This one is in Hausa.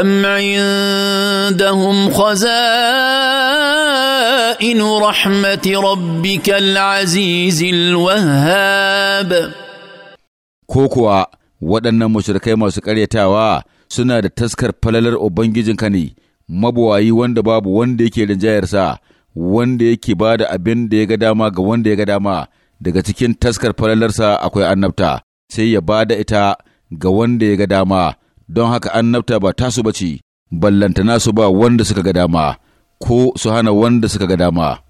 أم عندهم خزائن رحمة ربك العزيز الوهاب كوكوا waɗannan mashirkai masu karyatawa suna da taskar falalar Ubangijinka ne, mabuwayi wanda babu wanda yake rinjayarsa, wanda yake ba da abin da ya ga dama ga wanda ya ga dama, daga cikin taskar falalarsa akwai annabta, sai ya ba da ita ga wanda ya ga dama. don haka annabta ba tasu ce, ballanta su ba wanda suka ga dama ko su hana wanda suka ga dama